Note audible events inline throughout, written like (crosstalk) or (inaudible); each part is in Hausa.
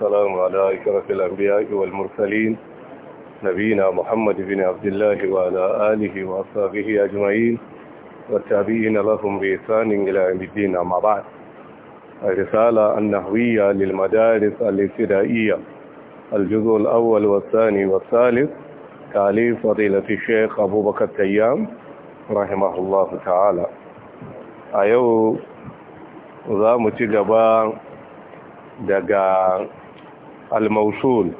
والسلام على إشرف الأنبياء والمرسلين نبينا محمد بن عبد الله وعلى آله وأصحابه أجمعين والتابعين لهم بإحسان إلى يوم الدين أما بعد الرسالة النحوية للمدارس الابتدائية الجزء الأول والثاني والثالث تعليم فضيلة الشيخ أبو بكر تيام رحمه الله تعالى أيوه ذا متجبا ci daga al-mausul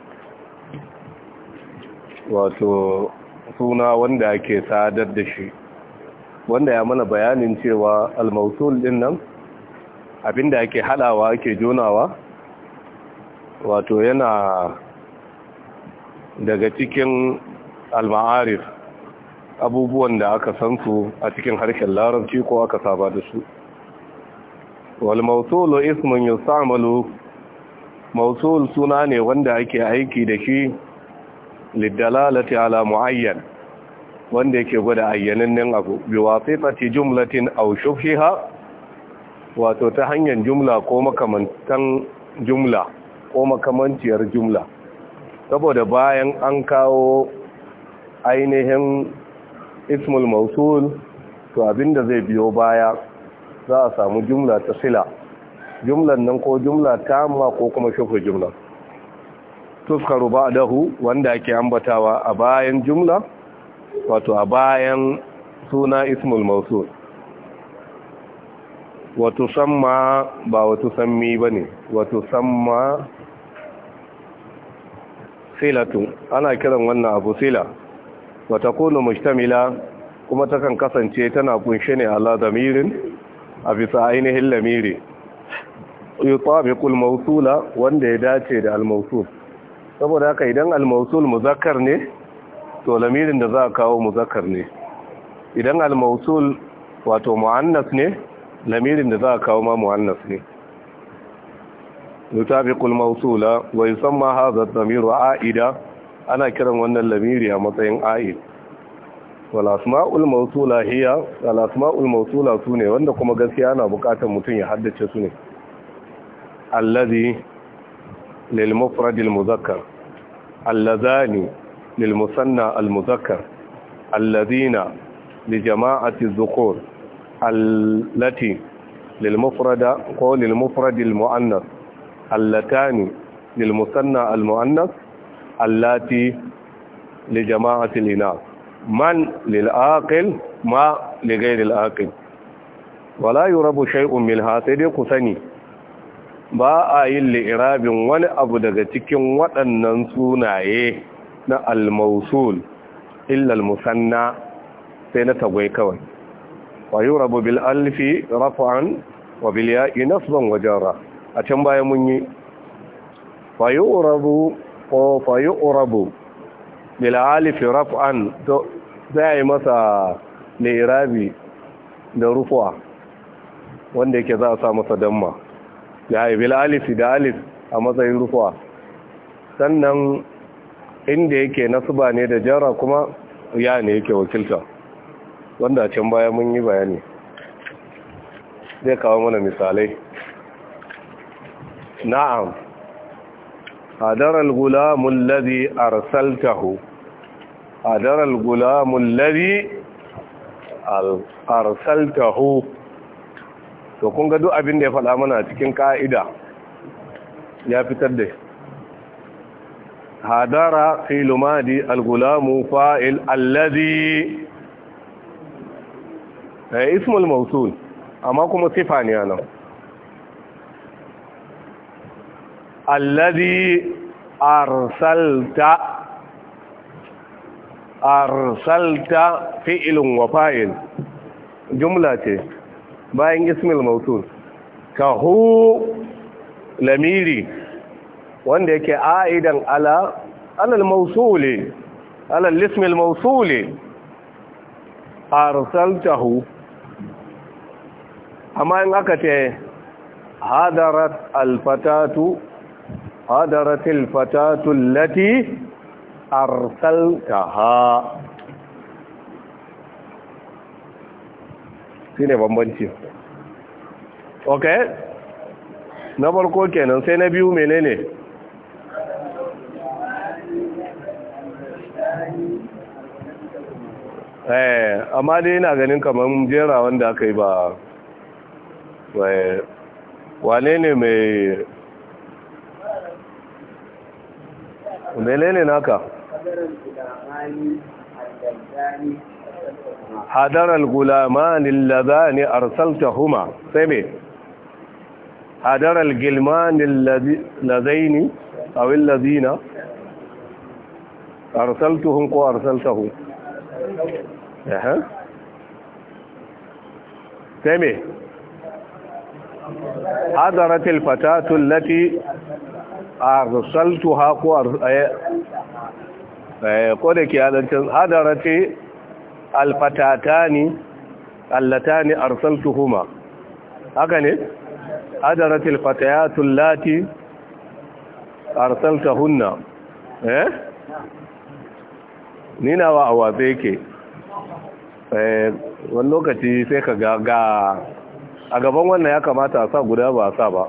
wato suna wanda ake sadar da shi wanda ya mana bayanin cewa al-mausul din nan abinda ake halawa ake jonawa wato yana daga cikin al-ma'arif abubuwan da aka san su a cikin harshen larabci ko aka saba da su wal mausul ismun yusamalu mausul suna ne wanda ake aiki da shi liddalalati ala muayyan wanda yake gwada ayyanannen abu bi wasitati jumlatin aw shubhiha wato ta hanyar jumla ko makamantan jumla ko makamantiyar jumla saboda bayan an kawo ainihin ismul mausul to abinda zai biyo baya za a samu jumla ta sila jumlan nan ko jumla ta ma ko kuma shufu jumla tuskaru ba dahu wanda ake ambatawa a bayan jumla wato a bayan suna ismul mausul wato samma ba wato sammi ba ne, wato samma silatu ana kiran wannan abu sila wata kunu mustamila kuma takan kasance tana kunshe ne ala damirin a bisa ainihin lamiri yutabiqul mawsula wanda ya dace da al-mawsul saboda haka idan al-mawsul muzakkar ne to lamirin da za a kawo muzakkar ne idan al-mawsul wato muannas ne lamirin da za a kawo ma muannas ne yutabiqul mawsula wa yusamma hadha ad-damiru aida ana kiran wannan lamiri a matsayin aid wal asma'ul mawsula hiya al asma'ul mawsula sune wanda kuma gaskiya ana bukatar mutum ya haddace su ne الذي للمفرد المذكر اللذان للمثنى المذكر الذين لجماعة الذكور التي للمفرد قول المفرد المؤنث اللتان للمثنى المؤنث اللاتي لجماعة الإناث من للآقل ما لغير الآقل ولا يرب شيء من هذا سني ba a yi li'irabin wani abu daga cikin waɗannan sunaye na al-mausul illal musanna sai na tagwai kawai wa yi rabu bil alfi rafa'an wa bil ya'i nasban wa jarra a can baya mun yi fa yi rabu ko fa yi rabu bil alfi rafa'an za yi masa li'irabi da rufuwa wanda yake za a sa masa damma da ibil alifi da alif a matsayin rufuwa sannan inda yake nasuba ne da jara kuma ya ne yake wakilta wanda can baya mun yi bayani zai kawo mana misalai na'am hadar al-gulamun ladhi arsaltahu hadar al arsaltahu to kun ga duk abin da ya faɗa mana cikin ka'ida ya fitar da hadara fi lumadi al-gulamu fa'il allazi eh ismul mawsul amma kuma sifa ne nan alladhi arsalta arsalta fi'ilun wa fa'il jumla ce bayan ismil ka hu lamiri wanda yake aidan ala alal mausuli alal ismil mausuli arsaltahu amma in aka ce hadarat alfatatu hadarat alfatatu allati arsaltaha shi ne bambanci ok na farko kenan sai na biyu menene eh amma dai yana ganin kamar jera wanda aka yi ba eh, wane ne mai menene naka? حضر الغلامان اللذان ارسلتهما سمي حضر الغلمان اللذين او الذين ارسلتهم قو ارسلته اها سمي حضرت الفتاة التي ارسلتها قو ارسلتها قولك يا لنتن حضرت alfatatani allatani arsaltuhuma haka ne adaratil fatayatul lati arsaltahunna eh ni wa a watsa yake wani lokaci sai ka ga ga. a gaban wannan ya kamata a sa guda ba a sa ba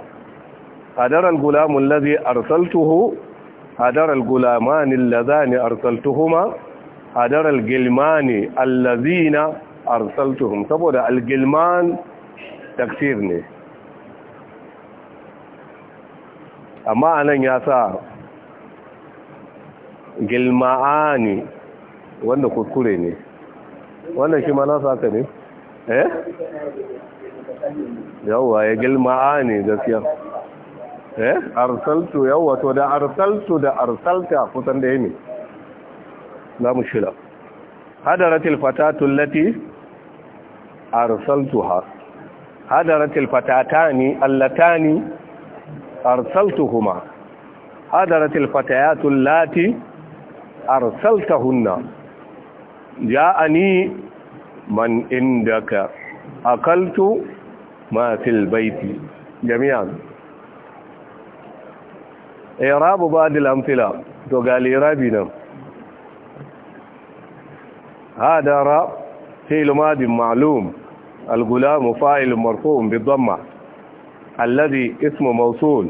adaral gulamun ladhi arsaltuhu adaral gulamanin allazani arsaltuhuma hadar al-gilmani allazina arsaltuhum saboda al-gilman taksir ne amma anan ya sa gilma'ani wanda kuskure ne wannan shi ma nasa haka ne eh yawwa ya gilma'ani gaskiya eh arsaltu yawwa to da arsaltu da arsalta kusan da yake za mu shida hadaratil fatatun lati arsaltuha hadaratil fatatani allatani arsaltuhuma hadaratil fatayatun lati arsaltahunna ja'ani man indaka akaltu ma fil baiti jami'an irabu ba'd al-amthila to gali irabi nan هادر فعل ماض معلوم الغلام فاعل مرفوع بالضمة الذي اسم موصول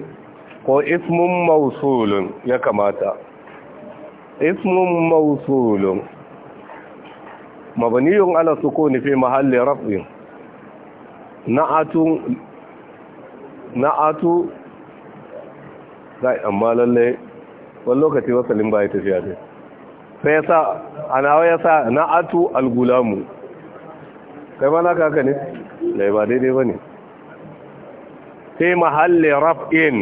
ko ismun mausulun ya kamata ismun mausulun mabaniyun ala sukuni fi mahalli rafin na'atu na'atu amma lalle wani lokaci wasalin ba ya tafiya dai sai ya sa anawa ya sa na'atu algulamu kai ba na kaka ne lai ba daidai ba ne sai mahalli raf'in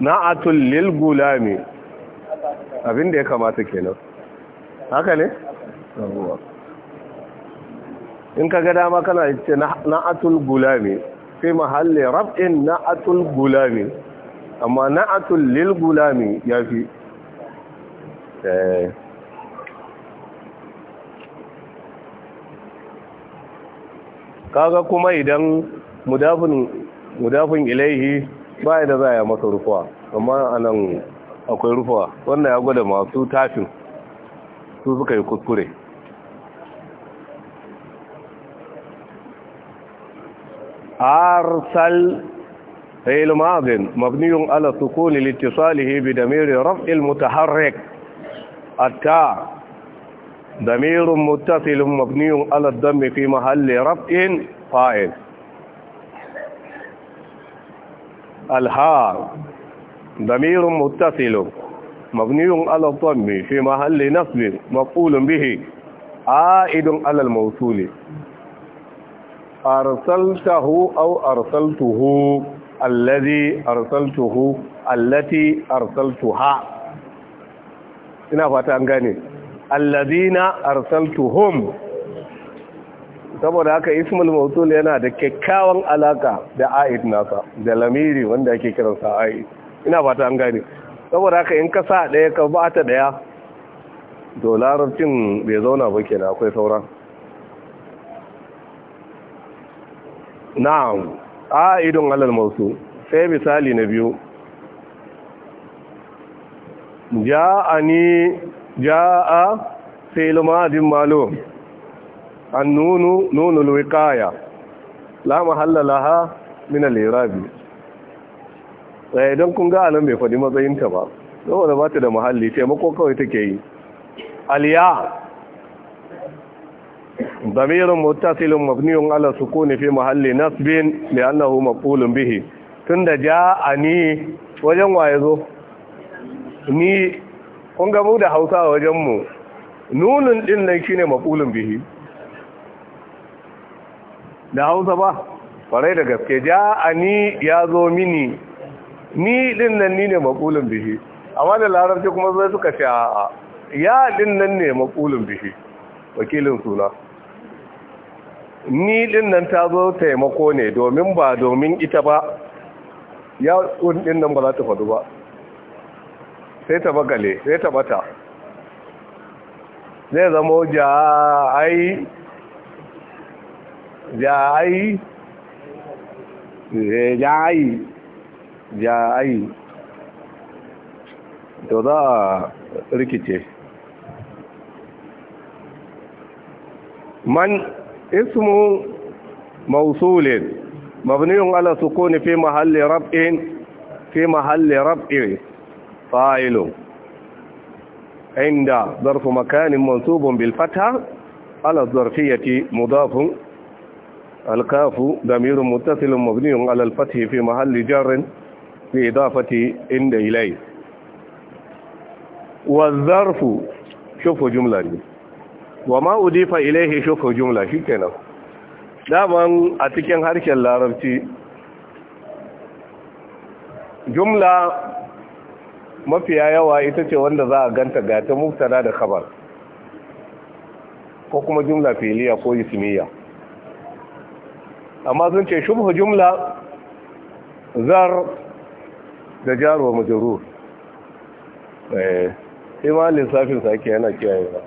na'atul lil gulami abinda ya kamata kenan haka ne in ka ga dama kana ce na'atul gulami fi mahalli raf'in na'atul gulami amma na na'atul lil gulami fi. Ka eh. kaga kuma idan mudafin mudafin ilaihi baya da zaya masa rufuwa amma anan akwai rufuwa wannan ya gwada masu tafin su suka yi kuskure arsal فعل ماض مبني على سكون لاتصاله بضمير raf'il mutaharrik التاء ضمير متصل مبني على الضم في محل رفع فاعل الهاء ضمير متصل مبني على الضم في محل نصب مفعول به عائد على الموصول أرسلته أو أرسلته الذي أرسلته التي أرسلتها ina fata an gane alladina arsaltuhum saboda haka ismul mawsul yana da kyakkyawan alaka da aid nasa da lamiri wanda ake kiransa aid ina fata an gane saboda haka in ka sa daya ka ba ta daya to larabcin bai zauna ba kenan akwai sauran na'am aidun alal mawsul sai misali na biyu ja'ani ja'a fi'l madin malum annunu nunul wiqaya la mahalla laha min al-irabi eh don kun ga anan bai fadi matsayinta ba saboda ba ta da mahalli taimako kawai take yi aliya ضمير متصل مبني على السكون في محل نصب لأنه Tunda به تند جاءني وجن zo? ni kun ga mu da hausa a wajenmu nunin din nan shi ne maƙulun bihi da hausa ba farai da gaske ja a ni ya zo mini ni din nan ni ne maƙulun bihi amma da larabci kuma zai suka ce a ya din nan ne maƙulun bihi wakilin suna ni din nan ta zo taimako ne domin ba domin ita ba ya ɗin nan ba za ta faɗu ba sai ta bakale sai ta bata zai zama ja'ai ja'ai eh, ja'ai ja'ai to za a rikice man ismu mausulin mabniyun ala sukuni fi mahalli rab'in fi mahalli rab'in fa'ilun inda zarfu makanin mansubun bil fatha ala zarfiyati mudafun alkafu damirun muttasilun mabniyun ala al-fathi fi mahalli jarrin bi idafati inda ilay wa zarfu shufu jumla wa ma udifa ilayhi shufu jumla shikenan daman a cikin harshen larabci jumla mafiya yawa ita ce wanda za a ganta ga ta muftana da khabar ko kuma jumla filiya ko ismiya amma sun ce shubhu jumla zar da jaro majarur eh sai ma lissafin sa ake yana kiyaye ba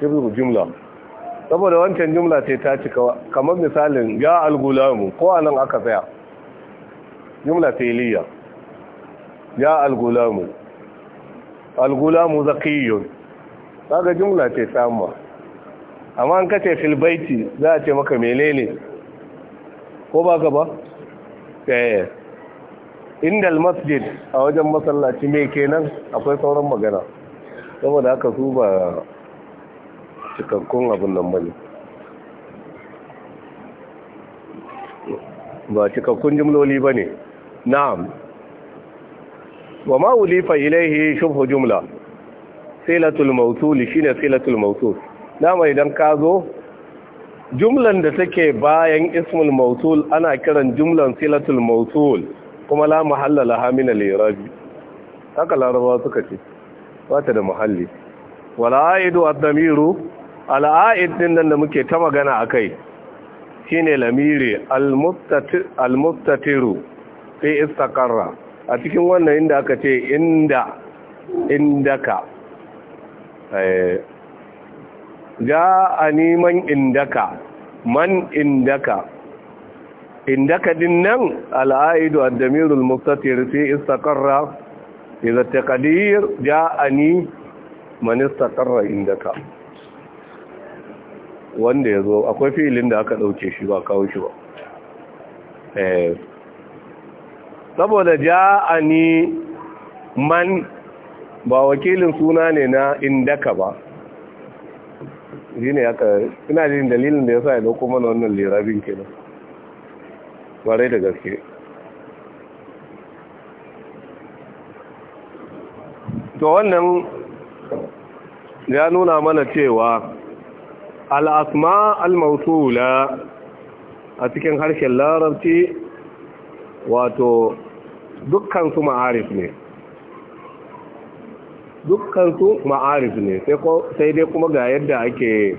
shubhu jumla saboda wancan jumla ce ta cika kamar misalin ya algulamu ko anan aka tsaya jumla filiya ya algulamu algulamu zakiyun kaga jumla ce tamma amma an kace fil baiti za a ce maka menene ko ba ka ba eh indal masjid a wajen masallaci me kenan akwai sauran magana saboda haka su ba cikakkun abin nan bane ba cikakkun jumloli bane na'am wa ma ulifa ilaihi shubhu jumla silatul mawsul shine silatul mawsul dama idan ka zo jumlan da take bayan ismul mawsul ana kiran jumlan silatul mawsul kuma la mahalla laha min al-i'rabi haka larabawa suka ce wata da muhalli wala aidu ad-damiru al-aid din nan da muke ta magana akai shine lamiri al-muftatiru fi istaqarra a cikin wannan inda aka ce inda indaka eh, ja a neman indaka man indaka indaka din nan al'aidu damirul mustatir fi istakarra iza taqdir ja'ani man inda indaka wanda ya zo akwai filin da aka dauke shi ba kawo shi ba eh, saboda ja a ni man ba wakilin suna ne na indaka ba shine aka ina jin dalilin da ya sa ya dauko mana wannan lirabin kenan bare da gaske to wannan ya nuna mana cewa al'asma asma al a cikin harshen larabci wato dukkan ma'arif ne dukkan ma'arif ne sai dai kuma ga yadda ake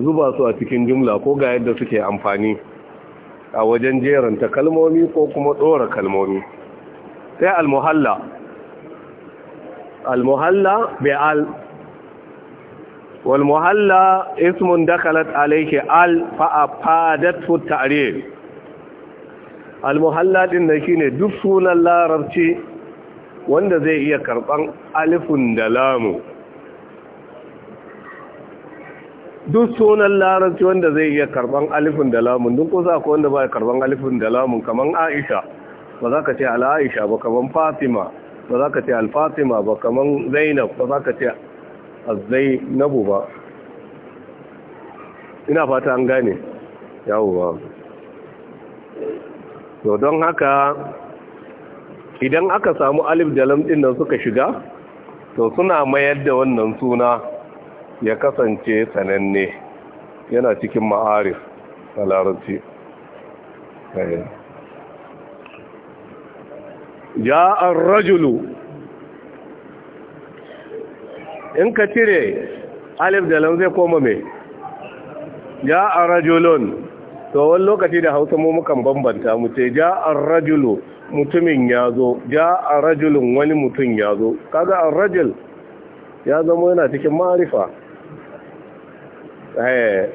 zuba su a cikin jumla ko ga yadda suke amfani a wajen jeranta kalmomi ko kuma ɗora kalmomi sai almuhalla almuhalla bai al walmuhalla ismun dakalat alaike al fa'a fadattu almuhalladin da shi shine duk sunan larabci wanda zai iya karban alifun da lamu duk sunan larabci wanda zai iya karban alifun da lamun duk kusa ko wanda ba karban alifun da lamun kaman aisha ba za ka ce al'aisha ba kaman fatima ba za ka ce al-fatima ba kaman zainab ba za ka ce az ba ina fata an gane yawo ba to don haka idan aka samu alif da lam din nan suka shiga to suna mayar da wannan suna ya kasance sananne yana cikin ma'arif a larabci ja'ar eh. rajulu in ka cire alif da lam zai koma mai ja'ar rajulun to wani lokaci da hausa mu mukan bambanta mu ce ja an rajulu mutumin ya zo ja an rajulun wani mutum ya zo kaga an rajul ya zama yana cikin ma'arifa eh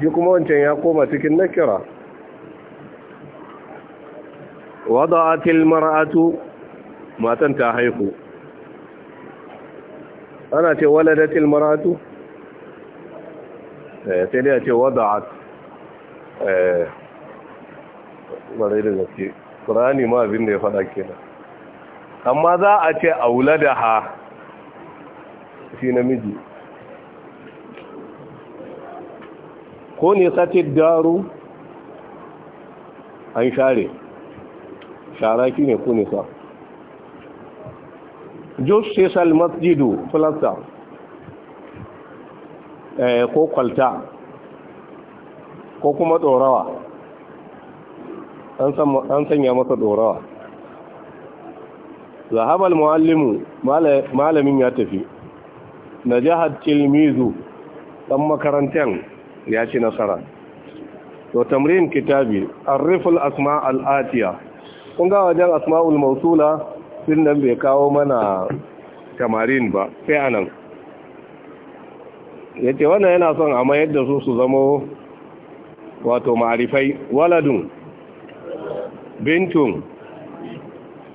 shi kuma wancan ya koma cikin nakira wada'atil mara'atu matan ta haihu ana ce waladatil mara'atu eh, sai dai a ce a. Eh, ƙwarai da gaske ƙurani ma abin da ya faɗa kenan amma za a ce a wula da ha shi namiji ko ne sati daru an share shara ki ne ko ne sa jos sesal masjidu filasta eh, ko kwalta ko kuma ɗorawa an sanya masa ɗorawa zahabal muallimu malamin ya tafi na jihar tilmizu ɗan makarantar ya ci nasara to tamrin kitabi arriful asma al'atiya kun ga wajen asma'ul mausula sun nan bai kawo mana tamarin ba sai anan ya wannan yana son a mayar da su su zamo wato ma'arifai waladun bintun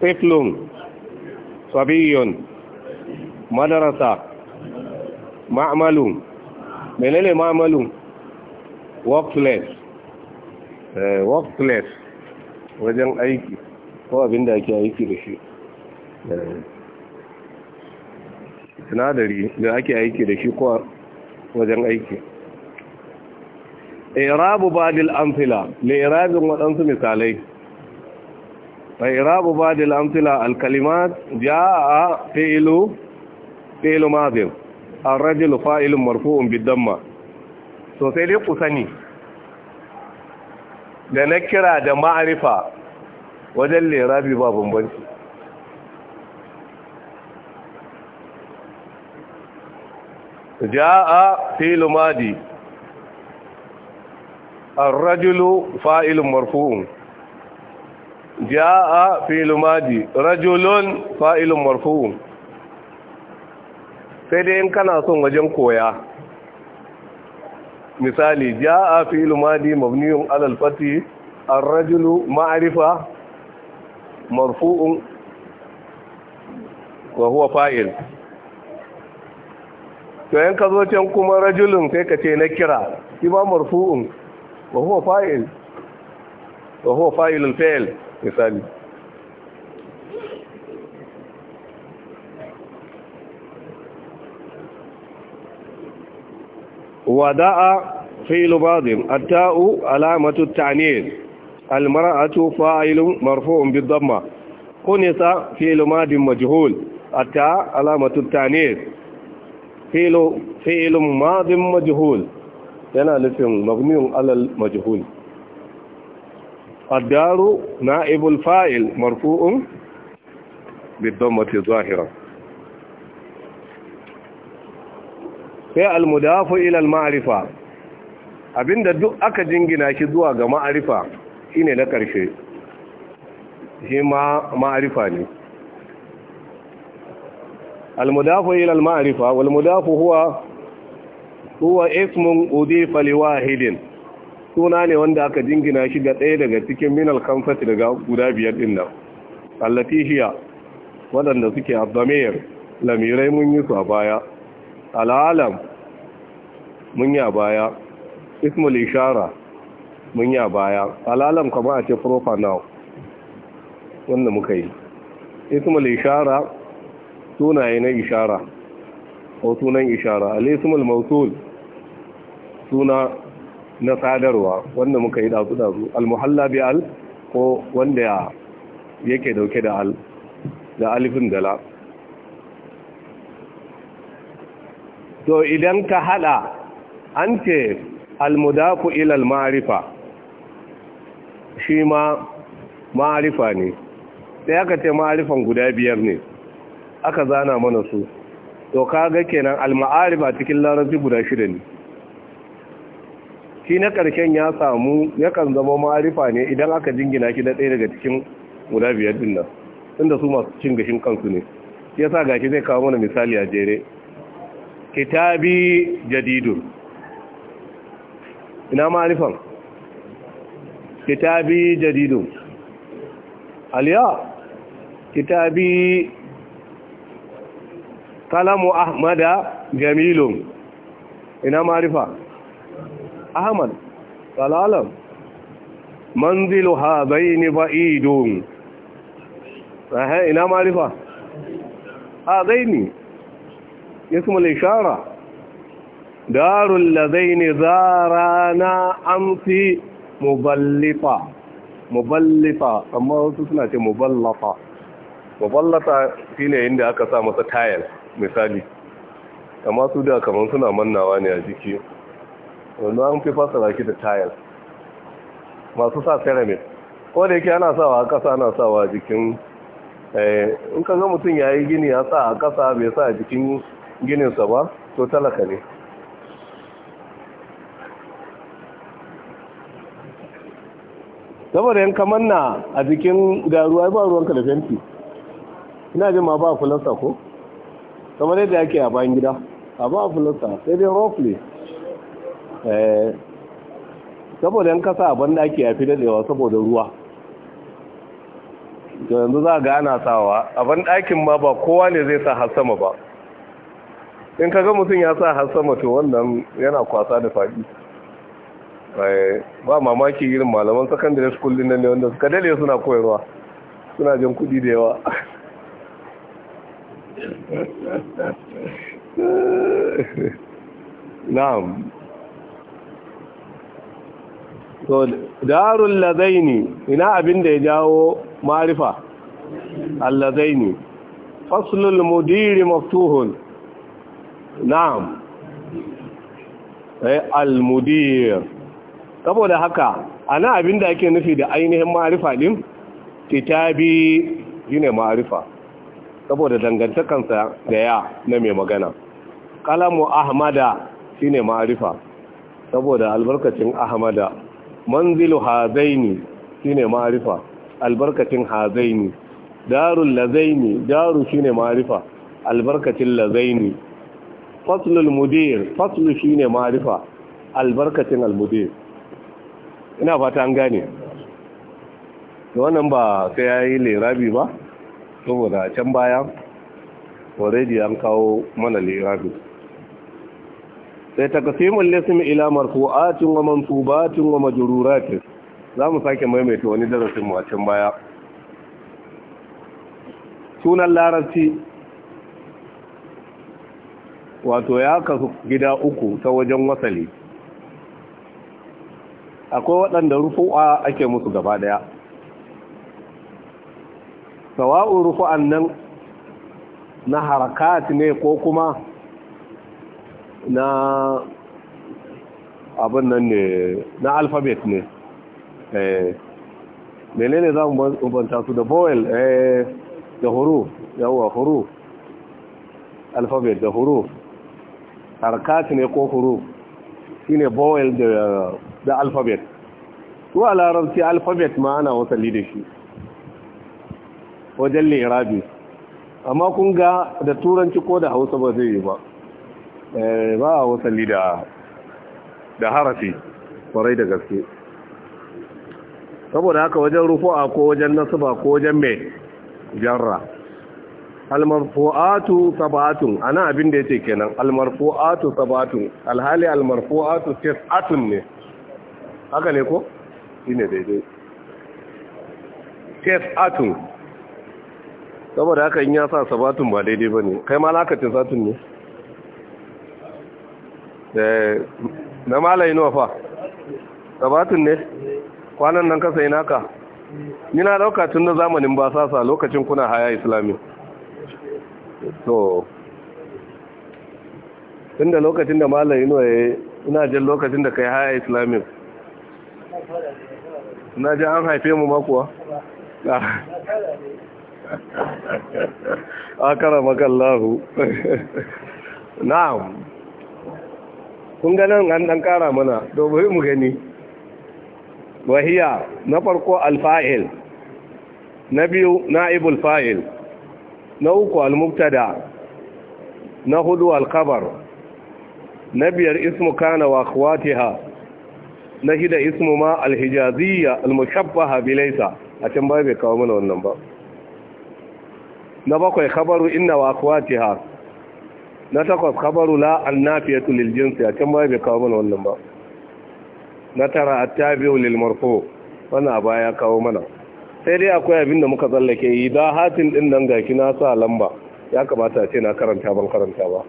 tiflun sabiyun madarasa ma'amalun menene ma'amalun workplace eh, workplace wajen aiki ko abin da ake aiki da shi eh. sinadari da ake aiki da shi ko wajen aiki irabu badil amfila lirabin waɗansu misalai irabu badil amfila alkalimat ja'a fi'ilu fi'ilu mazin arrajulu fa'ilun marfu'un bidamma to sai dai ku sani da na kira da ma'arifa wajen irabi ba bambanci a fi'ilu madi الرجل فاعل مرفوع جاء فعل ماضي رجل فاعل مرفوع sai dai in kana son wajen koya misali ja'a fi'il madi mabniun 'ala al-fathi ma'rifa to yanka zo can kuma rajulun sai ka ce na kira shi marfuu. marfu'un وهو فاعل وهو فاعل الفعل مثال وداء فعل ماض التاء علامة التعنيد المرأة فاعل مرفوع بالضمة قنط فعل ماض مجهول التاء علامة التعنيد فعل فعل ماض مجهول yana nufin magmiyun alal majhul addaru na'ibul fa'il marfu'un bidammati zahira sai almudafu ila alma'rifa abinda duk aka jingina shi zuwa ga ma'arifa shine na karshe shi ma ma'arifa ne almudafu إلى المعرفة والمدافع هو huwa huwa ismun udifa liwahidin suna ne wanda aka jingina shi ga ɗaya daga cikin minal kamfati daga guda biyar din nan allatihiya waɗanda suke abdamir lamirai mun yi su a baya al'alam mun yi a baya ismul ishara mun yi a baya al'alam kama a ce profanau, now wanda muka yi ismul ishara sunaye na ishara ko sunan ishara al-ismul mawsul suna na sadarwa wanda muka yi dazu-dazu almuhalla al ko wanda ya yake dauke da al da alifin dala to idan ka hada an ce almudafu ilal ma'arifa shi ma ma'arifa ne sai aka ce ma'arifan guda biyar ne aka zana mana su to kaga kenan al cikin larabci guda shida ne shi na ƙarshen ya samu yakan zama ma'arifa ne idan aka jingina shi na ɗaya daga cikin guda biyar din nan inda su masu cin gashin kansu ne ya yasa gashi zai kawo mana misali a jere kitabi jadidun ina ma'arifan kitabi jadidun aliya kitabi kalamu ahmada jamilun ina ma'arifa ahmad salalam manzilu hazaini ba'idun ehe ina marifa hazaini ismul ishara darul ladaini zarana amsi muballifa muballifa amma wasu suna ce muballafa muballafa shine inda aka sa masa tayar misali amma su da kamar suna mannawa ne a jiki wanda an fi fasa ki da tayar masu sa ceramic ko da yake ana sawa a ƙasa ana sawa jikin eh, in ka ga mutum ya yi gini ya sa a ƙasa bai sa a jikin gininsa ba to talaka ne saboda yan kamar na a jikin garuwa ba ruwanka da fenti ina jin ma ba fulasta ko kamar yadda ake a bayan gida a ba fulasta sai dai roughly Eh, saboda yan kasa abin da ake yafi daɗewa saboda ruwa yanzu za ga ana sawa abin ɗakin ma ba kowa ne zai sa har sama ba in ka ga mutum ya sa har sama to wannan yana kwasa da faɗi eh, ba mamaki irin malaman secondary school din nan ne wanda suka dade suna koyarwa suna jin kuɗi da yawa (laughs) na'am to darul ladaini ina abin da ya jawo marifa alladaini faslul mudiri maftuhun na'am eh, al mudir saboda haka ana abin da ake nufi da ainihin marifa din kitabi shine marifa saboda dangantakansa da ya na mai magana kalamu ahmada shine marifa saboda albarkacin ahmada manzilu hazaini shine ma'arifa albarkacin hazaini darul lazaini daru shine ma'arifa albarkacin lazaini faslul mudir faslu shine ma'arifa albarkacin almudir ina fata an gane wannan ba sai yayi lirabi ba saboda can baya already an kawo mana lirabi sai taqsimul ism ila marfu'atin wa mansubatin wa majruratin zamu sake maimaita wani darasin mu a can baya sunan larabci wato ya kasu gida uku ta wajen wasali akwai waɗanda rufu'a ake musu gaba daya sawa'un rufu'an nan na harakat ne ko kuma na abin nan ne na alphabet ne eh menene za mu banta su da vowel eh da huruf yawa huruf alphabet da huruf harkat ne ko huruf shine vowel da da alphabet to a larabci alphabet ma ana wasali da shi wajen lirabi amma kun ga da turanci ko da hausa ba zai yi ba Eh, ba a wasanni da da harafi kwarai da gaske saboda haka wajen rufu'a ko wajen nasuba ko wajen mai jarra almarfu'atu sabatun ana abin da ya ce kenan almarfu'atu sabatun alhali almarfu'atu tis'atun ne haka ne ko shine daidai tis'atun saboda haka in ya sa sabatun ba daidai ba ne. kai ma lakacin satun ne Eh, na malayi nawa fa sabatun ne kwanan nan kasa naka ni na dauka tun da zamanin ba sasa lokacin kuna haya islami to tun da lokacin da malayi nawa ya ina jin lokacin da kai haya islami na ji an haife mu makuwa (laughs) akara makallahu (laughs) na'am kun ganin an ɗan ƙara mana dobe mu gani wahiya na farko alfa'il na biyu na'ibul fa'il na uku al-muktada na hudu alkabar na biyar ismu kana wa ha, na shida ismu ma alhijaziyya almushabbaha bilaisa a can ba bai kawo mana wannan ba na bakwai khabaru inna wa ha. na takwas kabaru la ya tulil jinsi a can baya bai kawo mana wannan ba na tara a attabi'u lil marfu wannan a baya kawo mana sai dai akwai abin da muka tsallake yi da hatin din nan gaki na sa lamba ya kamata ce na karanta ban karanta ba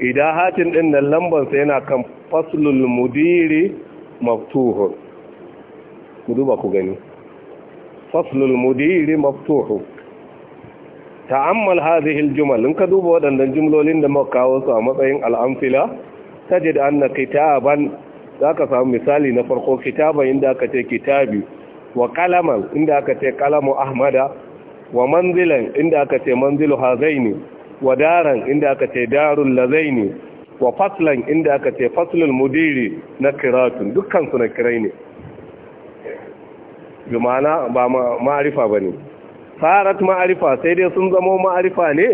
idan hatin din nan lamban sai yana kan faslul mudiri maftuhun ku duba ku gani faslul mudiri ta'ammal hadhihi aljumal in ka duba waɗannan jumlolin da muka kawo su a matsayin al'amfila tajid anna kitaban zaka samu misali na farko kitaban inda aka ce kitabi wa qalaman inda aka ce qalamu ahmada wa manzilan inda aka ce manzilu hazaini wa daran inda aka ce darul lazaini wa faslan inda aka ce faslul mudiri na kiratun dukkan su na kirai ne bi ma'ana ba ma'arifa bane sarat ma'arifa sai dai sun zamo ma'arifa ne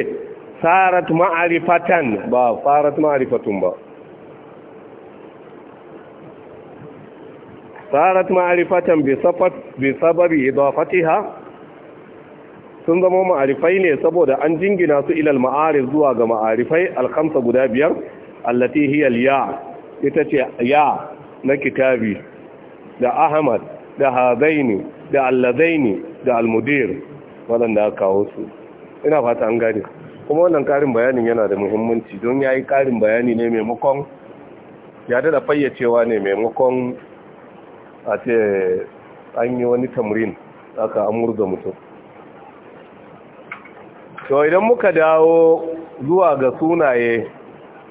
sarat ma'arifatan ba sarat ma'arifatun ba sarat ma'arifatan bi sababi idafatiha sun zama ma'arifai ne saboda an jingina su ilal ma'arif zuwa ga ma'arifai alkamsa guda biyar allati hiya ya ita ce ya na kitabi da ahmad da hadaini da alladaini da almudir waɗanda aka kawo su ina fata an gane kuma wannan ƙarin bayanin yana da muhimmanci don ya yi ƙarin bayani ne maimakon ya dada fayyacewa ne maimakon a ce an yi wani tamrin aka amurga mutum to idan muka dawo zuwa ga sunaye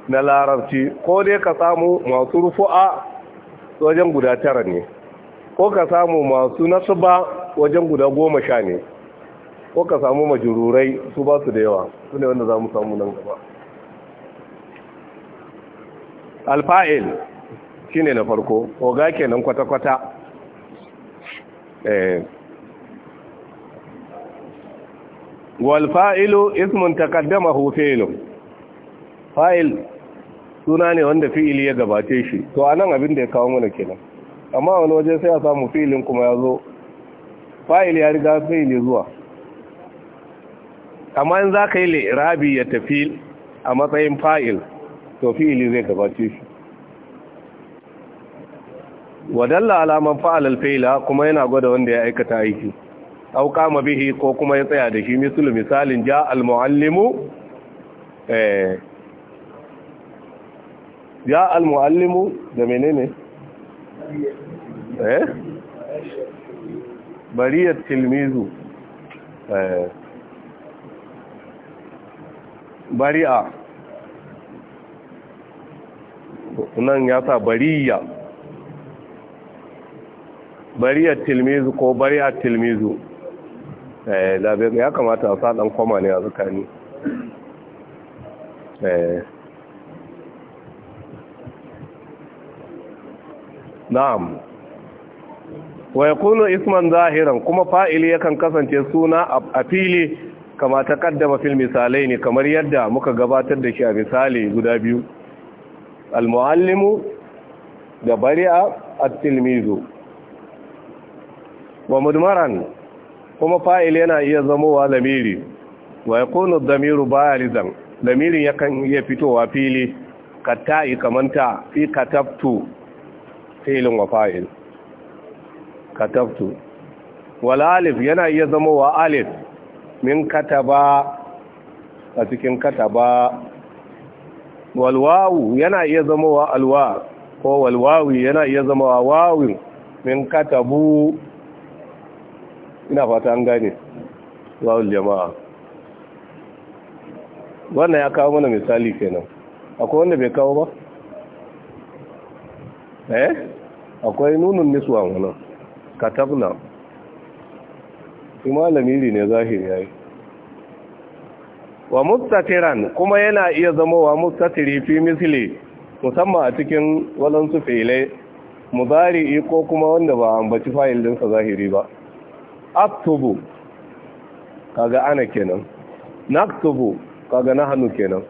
na larabci ko dai ka samu masu rufu'a wajen guda tara ne ko ka samu masu ba wajen guda goma sha ne ko ka samu majururai su ba su da yawa su ne wanda za mu samu nan gaba alfa'il shi ne na farko oga nan kwata-kwata eh. walfa'ilu ismun takaddama hufailun fa'il suna ne wanda fi'ili ya gabace shi to a nan abin da ya kawo mana kenan amma wani waje sai a samu fi'ilin kuma ya zo fa'il ya riga fi'ili zuwa amma in za ka yi rabi ya tafi a matsayin fa'il to fi'ili zai gabace shi wadalla alaman fa'al alfaila kuma yana gwada wanda ya aikata aiki au kama bihi ko kuma ya tsaya da shi misalu misalin ja al-mu’allimu eh ja al-mu’allimu da menene eh bariyat tilmizu eh bari'a nan ya sa bariya bari'a tilmizu ko bari'a tilmizu eh, ya kamata a sa dan kwama ne a tsakani eh. na'am wa yakunu isman zahiran kuma fa'ili yakan kasance suna a fili kama ta kaddama fil misalai ne kamar yadda muka gabatar da shi a misali guda biyu al-muallimu da bari'a at-tilmizu wa mudmaran kuma fa'il yana iya zamowa lamiri wa yakunu ad-damiru rizan, lamirin yakan iya fitowa fili katta'i kamanta fi katabtu filin wa fa'il katabtu wal alif yana iya zamowa alif min ba a cikin kataba walwawu yana iya zama wa alwa ko walwawi yana iya zama wa wawin min katabu ina fata an gane wawul jama'a wannan ya kawo mana misali kenan akwai wanda bai kawo ba eh akwai nunun niswa wannan katabna kuma malami ne zahiri yayi wa mustatiran kuma yana iya zama wa mustatiri fi misli musamman a cikin walansu filai muzari'i ko kuma wanda ba ambaci fayilinsa sa zahiri ba aktubu kaga ana kenan naktubu kaga na hannu kenan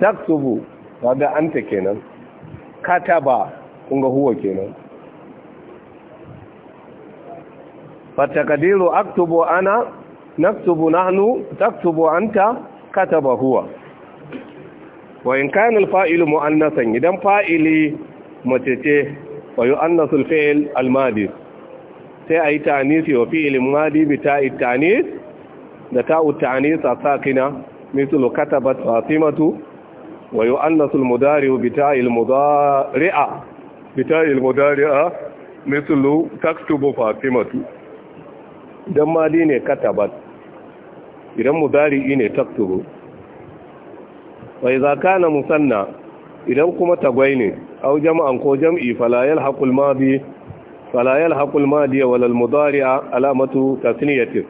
taktubu kaga anta kenan kataba ga huwa kenan فتقدير اكتب انا نكتب نحن تكتب انت كتب هو وان كان الفائل مؤنثا اذا فائل متته ويؤنث الفعل الماضي تي اي تانيث وفعل ماضي بتاء التانيث ده تاء التانيث الساكنه مثل كتبت فاطمه ويؤنث المضارع بتاء المضارع بتاء المضارع مثل تكتب فاطمه idan mali ne katabat idan mudari ne taktubu wai za kana musanna idan kuma tagwai ne au jama'an ko jam'i falayal haƙul madi falayal haƙul madi walal mudari'a alamatu tasniyatin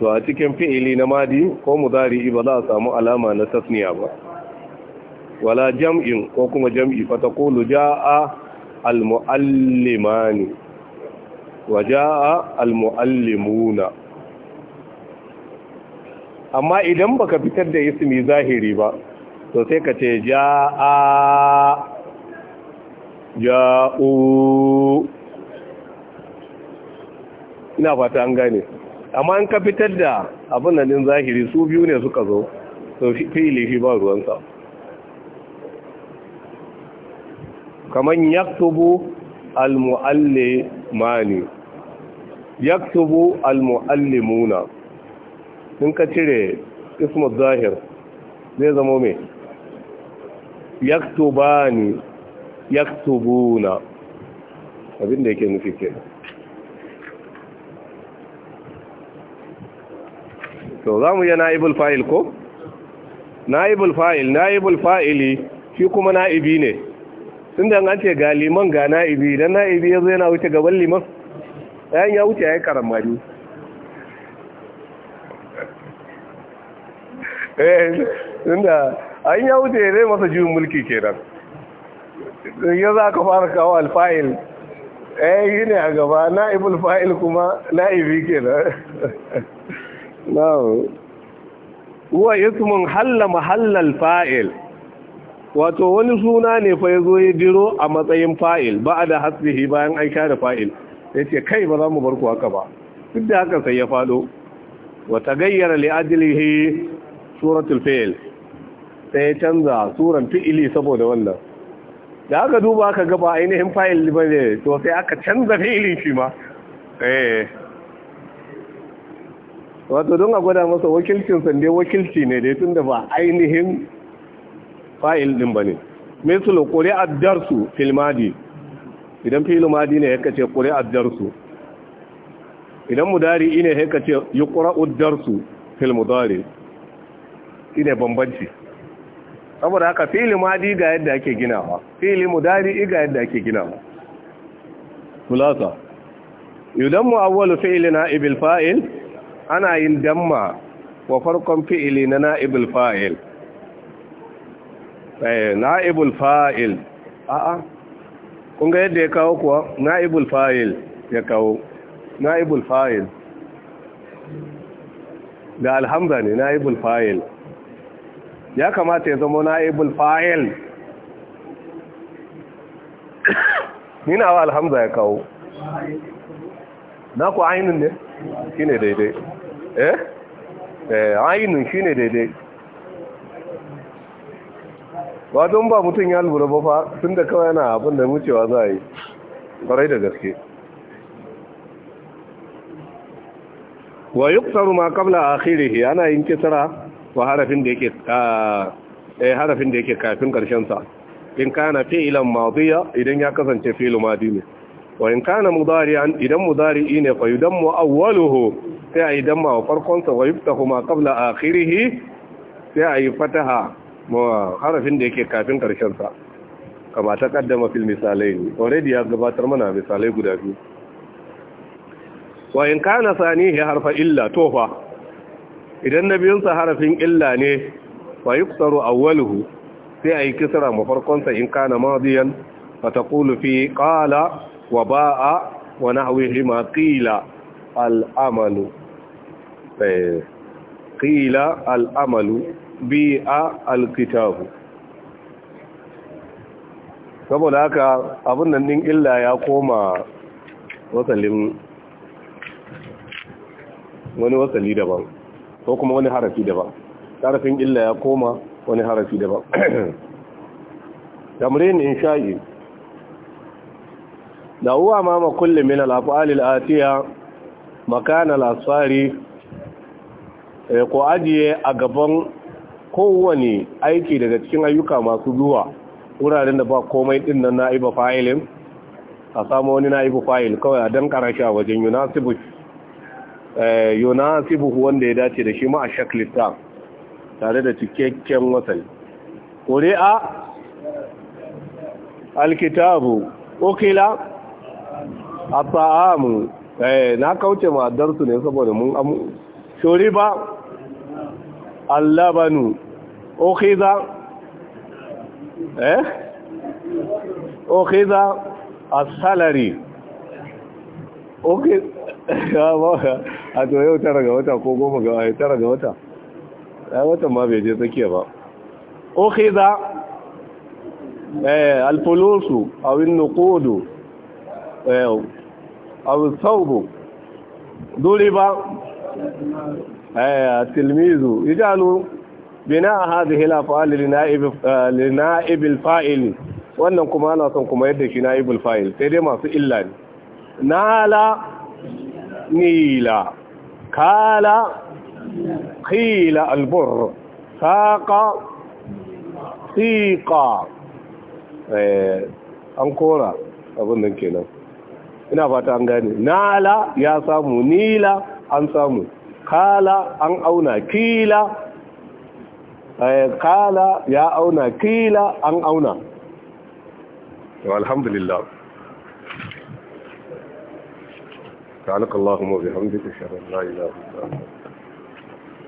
to a cikin fi'ili na madi ko mudari ba za a samu alama na tasniya ba wala jam'in ko kuma jam'i fatakulu ja'a al-mu'allimani waja'a al-mu'allimuna amma idan baka fitar da ismi zahiri ba to sai ka ce ja'a ja'u ina fata an gane amma an ka fitar da abin da din zahiri su biyu ne suka zo to fili shi ba ruwansa kaman yaktubu al-mu'allimani yaktubu almuallimuna in ka cire ismu zahir zai zama mai yaktubani yaktubuna abin da yake nufi ke to za mu yi na'ibul fa'il ko? na'ibul fa'il na'ibul fa'ili shi kuma na'ibi ne tun da an ce ga liman ga na'ibi idan na'ibi ya zo yana wuce gaban liman ɗayan ya wuce ya yi karamani eh, inda an ya wuce zai masa juyin mulki kenan ya za ka fara kawo alfa'il eh yi ne a gaba na'ib fa'il kuma na'ibi kenan na'u huwa ismun halla mahallal fa'il wato wani suna ne fa zo ya diro a matsayin fa'il ba a da hasbihi bayan an da fa'il ya ce kai ba za mu bar ku haka ba duk da haka sai ya fado wa tagayyara li ajlihi suratul fi'l sai ya canza suran fi'ili saboda wannan da aka duba aka ga ba ainihin fa'il ba ne to sai aka canza fi'ilin shi ma eh wato don a gwada masa wakilcin sande wakilci ne dai tunda ba ainihin fa'il din ba ne lokore a darsu filmadi idan fi'il madi ne yake ce a darsu idan mudari ne yake ce yuqra'u darsu fil mudari ne bambanci saboda haka fi'il madi ga yadda ake ginawa fi'il mudari ga yadda ake ginawa kulasa idan mu awwalu na na'ibil fa'il ana yin damma wa farkon fi'ili na na'ibul fa'il eh, na'ibul fa'il a'a kun ga yadda ya kawo kuwa na'ibul fa'il ya kawo na'ibul fa'il da alhamza ne na'ibul fa'il ya kamata ya zama na'ibul fa'il nina wa alhamza ya kawo na ku ainihin ne shi ne daidai eh, eh ainihin shi ne daidai ba don ba mutum ya lura ba fa tun da kawai yana abin da mucewa za a yi farai da gaske wa yi yuktaru ma kabla a akhirih ana yin kisara wa harafin da yake eh harafin da yake kafin karshen sa in kana fi'lan madiya idan ya kasance fi'lu madi ne wa in kana mudari'an idan 'i ne fa yudammu awwaluhu sai a damma wa farkon sa wa kuma ma a akhirih sai a yi fataha Mawa harafin da yake kafin ƙarshen sa kama ta kaddama fil misalai ne already ya gabatar mana misalai guda biyu wa in kana sanihi harfa illa tofa idan na sa harafin illa ne fa a awwaluhu sai ayi kisra ma farkonsa in kana madiyan fa taqulu fi qala wa ba'a wa nahwihi ma qila al amalu eh, qila al amalu Bi a alkitabu saboda haka abin nan din illa ya koma wasalin wani wasali daban ko kuma wani harafi daban harafin illa ya koma wani harafi daban (clears throat) tamrin insha'i da huwa ma ma kullu min al afali al-atiya makan al-asfari eh, ko ajiye a gaban kowane aiki daga cikin ayyuka masu zuwa wuraren da ba komai din nan na'iba fa'ilin a samu wani na'ibu fa'il kawai a dan a wajen yunasibu eh, yunasibu wanda ya dace da shi ma a shaklista tare da cikakken wasali ƙuri'a alkitabu Okila, a eh, na kauce ma darsu ne saboda mun amu shori ba اللبن أخذ إيه؟ أخذ Ya أخذ a to yau tara ga wata ko goma ga tara ga wata ya wata ma bai je tsakiya ba ukhiza eh alfulusu aw an-nuqudu eh aw thawbu duriba التلميذ يجعل بناء هذه الافعال لنائب لنائب الفاعل wannan kuma ana son kuma yadda shi ibul fa'il sai dai masu illa ne nala nila kala qila albur saqa siqa eh an kora abin nan kenan ina fata an gane nala ya samu nila an samu kala an auna kila eh, kala ya auna kila an auna alhamdulillah سبحانك اللهم